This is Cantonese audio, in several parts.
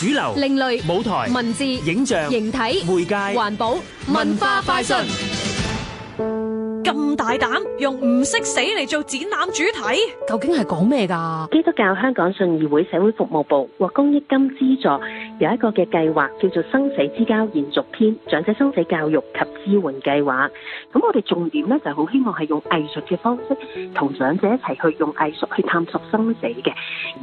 主流、另類、舞台、文字、影像、形體、媒介、環保、文化快訊。咁大膽用唔識死嚟做展覽主題，究竟係講咩噶？基督教香港信義會社會服務部獲公益金資助，有一個嘅計劃，叫做《生死之交延續篇長者生死教育及支援計劃》。咁我哋重點咧就好希望係用藝術嘅方式，同長者一齊去用藝術去探索生死嘅。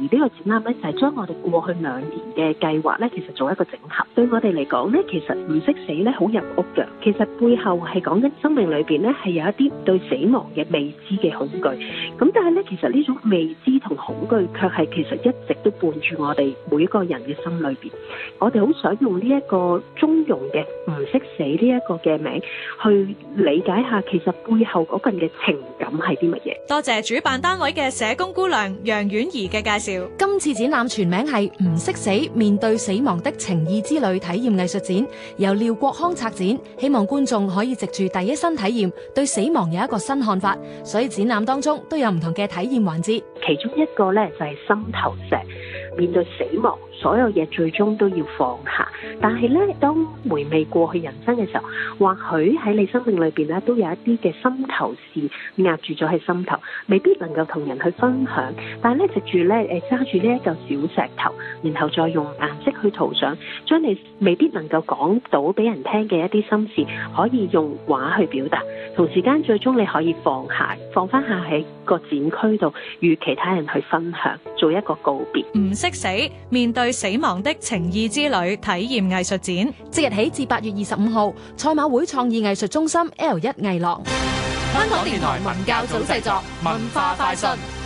而呢個展覽咧就係、是、將我哋過去兩年嘅計劃咧，其實做一個整合。對我哋嚟講咧，其實唔識死咧好入屋嘅。其實背後係講緊生命裏邊咧係有一。啲對死亡嘅未知嘅恐懼，咁但係咧，其實呢種未知同恐懼，卻係其實一直都伴住我哋每一個人嘅心裏邊。我哋好想用呢一個中庸嘅唔識死呢一個嘅名，去理解下其實背後嗰份嘅情感係啲乜嘢？多謝主辦單位嘅社工姑娘楊婉儀嘅介紹。今次展覽全名係《唔識死：面對死亡的情意之旅》體驗藝術展，由廖國康策展，希望觀眾可以藉住第一身體驗，對死。希望有一個新看法，所以展覽當中都有唔同嘅體驗環節。其中一個呢，就係心頭石，面對死亡，所有嘢，最終都要放下。但係呢，當回味過去人生嘅時候，或許喺你生命裏邊呢，都有一啲嘅心頭事壓住咗喺心頭，未必能夠同人去分享。但係咧，執住咧誒揸住呢一嚿小石頭，然後再用顏色。去圖上，將你未必能夠講到俾人聽嘅一啲心事，可以用畫去表達。同時間最終你可以放下，放翻下喺個展區度與其他人去分享，做一個告別。唔識死，面對死亡的情意之旅體驗藝術展，即日起至八月二十五號，賽馬會創意藝術中心 L 一藝廊。香港電台文教組製作，文化快訊。